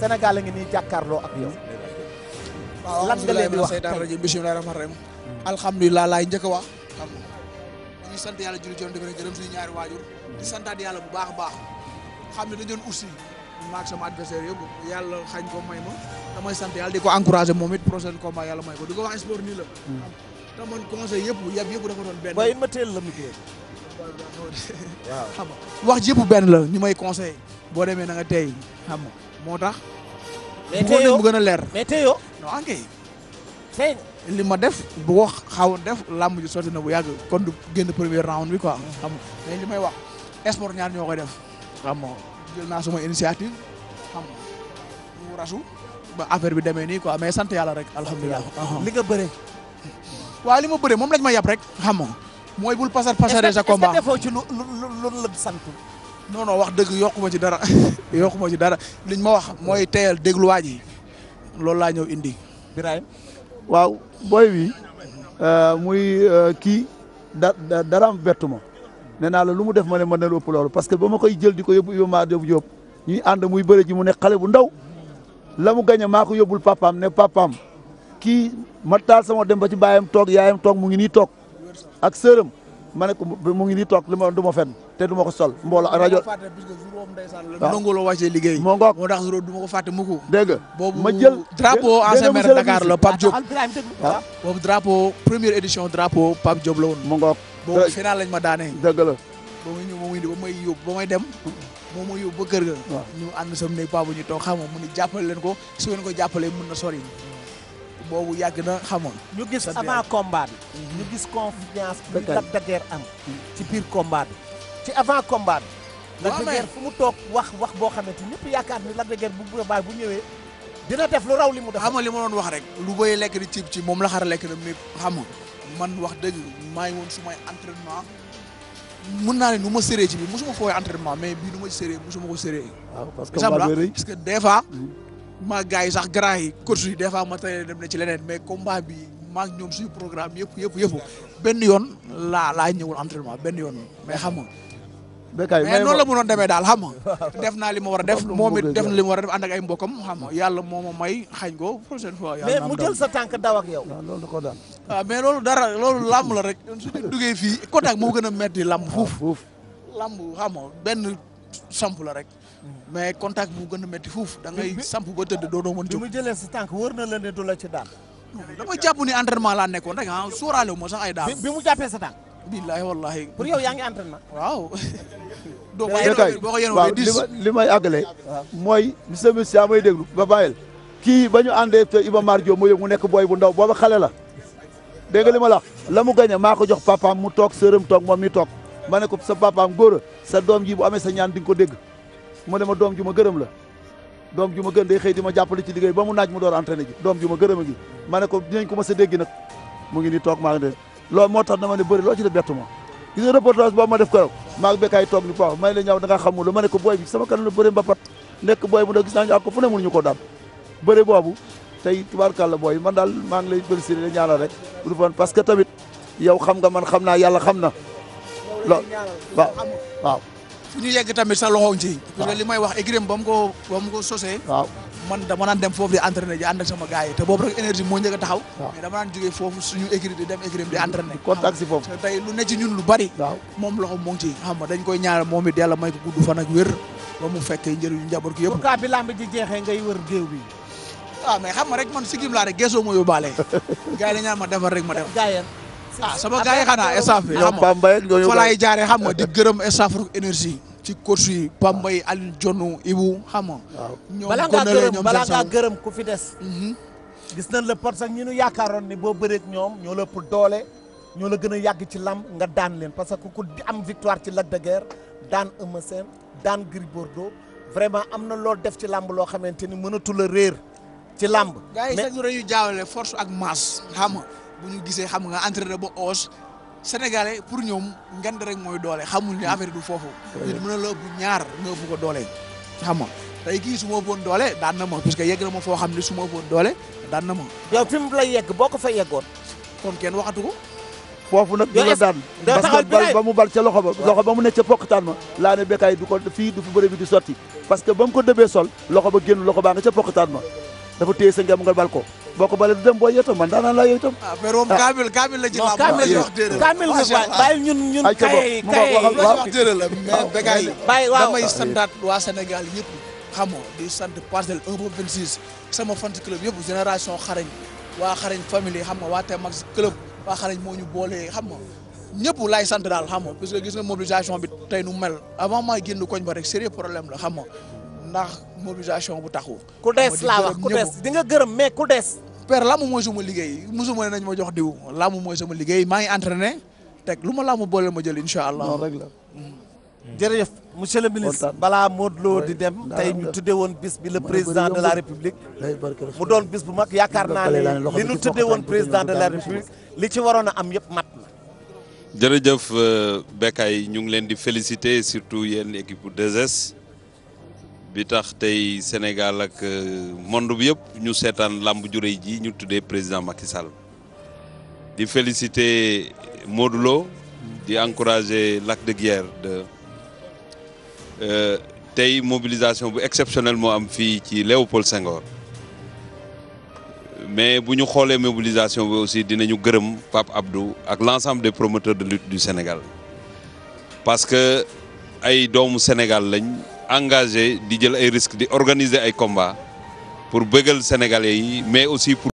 Sénégal a ngi nii jàkkaarloo ak yow. lan nga leen di wax tey waaw bismillahi rahmaani rahim hmm. alhamdulilah laay njëkk a wax xam nga sant yàlla julli ci yoon bi rek gërëm ñaari waajur di santaat yàlla bu baax a baax xam ne dañoon aussi maak sama adversaire yëpp yàlla xañ ko may ma damay sant yàlla di ko encouragé moom it prochain combat yàlla may ko di ko wax sport nii la hmm. te man conseil yëpp yab yëpp dafa doon benn waaye ma teel la micro waaw xam wax ji yëpp benn la ñu may conseil boo demee na nga tey moo tax. mais tey yow mu gën a leer. mais li ma def bu ko def làmb ji sotti na bu yàgg kon du génn premier round bi quoi. xam nga li may wax sport ñaar ñoo def. xam nga jël naa sama initiative xam rasu ba affaire bi demee nii quoi mais sant yàlla rek. alhamdulilah uh-huh. li nga bëre. waaw li ma bëre moom lañ ma yab rek. xam nga mooy bul pasar pasaree sa combat est-ce lu lu lu sant. non wax dëgg yokku ci dara yokku ci dara liñ ma wax mooy teyal dégluwaay yi loolu laa ñëw indi. Birahim waaw booy wi euh, muy euh, kii da daraam bettu ma nee naa la lu mu def ma ne ma na lu loolu parce que ba ma koy jël di ko yóbbu yóbbu Diop Diop ñuy muy bëre ji mu ne xale bu ndaw la mu gaña a maa ko yóbbul papaam ne papaam kii ma taal sama dem ba ci baayam toog yaayam toog mu ngi nii toog ak sërëm ma ne ko mu ngi nii toog li ma du ma fenn te du ma ko sol mbooloo ak rajo nangolo wàccee liggéey moo ngoog moo tax du ma ko fàtte mukk dégg nga boobu ma jël drapeau ancien maire Dakar la Pape Diop waaw ah. boobu drapeau première édition drapeau Pape Diop la woon moo ngoog boobu final lañ ma daanee dëgg la ba may ñëw ba may ba may yóbbu ba may dem moom mooy yóbbu ba kër ga ah. ñu ànd sam néeg Pape ñu toog xam nga mu ni jàppale leen ko su ngeen ko jàppalee mun na sori boobu yàgg na xamoon. ñu gis avant combat bi. Mm-hmm. ñu gis confiance bi Lac de Guiers am. ci biir combat bi ci avant combat bi. Lac de Guiers fu mu toog wax wax boo xamante ni ñëpp yaakaar ni la de Guiers bu bu baay bu ñëwee. dina def lu raw li mu def. xam li ma doon wax rek. lu bëy lekk di ci ci moom la xar lekk na mais xamul man wax dëgg maa ngi woon sumay entraînement mën naa ne nu ma séree ci bi mosuma fooy entraînement mais bii nu ma séree mosuma ko séree. waaw maa gars yi sax grand yi course yi des fois dem na ci leneen mais combat bi maa ñoom suñu programme yëpp yëpp yëpp benn yoon laa laa ñëwul entraînement benn yoon mais xam nga béykat mais noonu la mënoon demee daal xam nga def naa li ma war a def moom it def na li ma war a def ànd ak ay mbokkam xam nga yàlla moo ma may xañ ko prochaine fois. mais mu jël sa tànk daw ak yow. waaw da koo daal. waaw ah, mais loolu dara loolu làmb la rek suñu duggee fii contact moo gën a metti làmb fuuf. Ah, fuuf làmb xam nga benn. samp la rek. mais contact bu gën a métti fuuf da ngay samp ba tëdd doo doo mën jóg. bi mu jëlee si tànk wër na la ne du la ci daan. dama jàpp ni entraînement laa nekkoon rek ah sóoraale wu ma sax ay daan. bi mu jàppee sa tànk. billaahi wallaahi. pour yow yaa ngi entraînement. boo ko yéen waaw li ma li may àggale. mooy monsieur Moussa may déglu ba bàyyil. kii ba ñu àndee te Iba Mar Diop mu nekk booy bu ndaw booba xale la. dégg nga li ma la wax la mu gañe maa ko jox papaam mu toog sërëm toog moom mi toog ma ne ko sa papaam góor sa doom ji bu amee sa ñaan di ko dégg mu ne ma doom ju ma gërëm la doom ju ma gën day xëy di ma jàppale ci liggéey ba mu naaj mu door entraîné ji doom ju ma gërëm a ngi ma ne ko dinañ ko mës a dégg nag mu ngi nii toog maa ngi loo moo tax na ne bëri loo ci def bettu ma gis nga reportage boobu ma def keroog maa ngi bekkaay toog ni paaw may la ne ko booy bi sama kanam la bëri mbapat nekk ko fu ne mënu booy man daal maa ngi lay bëri si la ñaanal rek parce que tamit yow xam nga man xam naa yàlla xam na lool waaw fu ñu yegg tamit sa loxo ci. parce que li may wax écurie ba mu ko ba mu ko sosee. waaw man dama naan dem foofu di entraîner di ànd ak sama gars te boobu rek énergie moo njëkk a taxaw. mais dama naan jógee foofu suñu écurie di dem écurie tey lu ne ñun lu bari. waaw moom loxo moo ngi ci. xam nga dañ koy ñaanal moom it yàlla may ko gudd fan ak wér ba mu fekkee njëriñu njaboot gi yëpp. pourquoi bi lamb ji jeexee ngay wër géew bi. ah mais xam ma rek man sigim laa rek geesoo ma yóbbaale. gars yi dañ naan ma defar rek ma def ah sama gars yi xanaa estaf bi xam nga fa laay xam di gërëm estaf Rock Énergie ci coach yi Pambay Alioune Dionu Ibou xam nga. ñoom balaa ngaa gërëm ku fi des. Mhm. gis nañ la parce que ñu nu yaakaaroon ni boo bëreeg ñoom ñoo la ëpp doole ñoo la gën a yàgg ci lamb nga daan leen parce que ku am victoire ci Lac de Guiers daan Eumeu daan Gris Bordeaux vraiment am na loo def ci lamb loo xamante ni mënatul la réer ci lamb. mais force ak masse xam bu ñu gisee xam nga entraîné ba os sénégalais pour ñoom ngand rek mooy doole xamul ne affaire du foofu. nit mun na la ñaar nga ëpp ko doole xam nga tey kii su ma ëppoon doole daan na ma parce que yegg na ma foo xam ne su ma ëppoon doole daan na ma. yow fi mu lay yegg boo ko fa yeggoon. kon kenn waxatu ko. foofu nag du la daan parce que bal ba mu bal ca loxo ba loxo ba mu ne ca pokkataan ma laa ne bekkaay du ko fii du sotti parce que ba mu ko dëbee sol loxo ba génn loxo baa nga ca pokkataan ma dafa sa ngem nga bal ko boo ko balee du dem booy yow itam man daanaan laa yow itam. ah mais moom kaamil kaamil la ci waa Sénégal yëpp. xam nga di sant parcelle 1 ba 26 sama fan club yëpp génération xarañ waa xarañ famille xam waa Temax club waa xarañ moo ñu boole xam nga ñëpp laay sant daal xam nga parce que gis nga mobilisation bi tey nu mel avant maa génn koñ ba rek sérieux problème la xam nga ndax mobilisation bu taxu ku des laa wax ku des di gërëm mais ku des. père làmb mooy suma liggéey mosuma ne nañ ma jox diw làmb mooy sama liggéey maa ngi entraîné teg lu ma làmb boole ma jël incha allah. non rek la. Hmm. jërëjëf monsieur le ministre balaa Modou loo di dem tey ñu tudde woon bis bi le président de la république mu doon bis bu mag yaakaar naa ne li ñu tudde woon président de la république li ci waroon a am yëpp mat na jërëjëf euh, Bécaye ñu ngi leen di féliciter surtout yéen équipe bu 2S bi tax tey Sénégal ak euh, monde bi yëpp ñu seetaan lamb ju rëy ñu tuddee président Macky Sall di féliciter Modou Lo di encourager l'acte de guerre de euh, tey mobilisation bu exceptionnelle moo am fii ci Léopold Senghor mais bu ñu xoolee mobilisation bi aussi dina ñu gërëm Pape Abdou ak l'ensemble des promoteurs de lutte du Sénégal parce que ay doomu Sénégal lañ engagé di jël ay risques di organiser ay combats pour bëggal sénégal yi mais aussi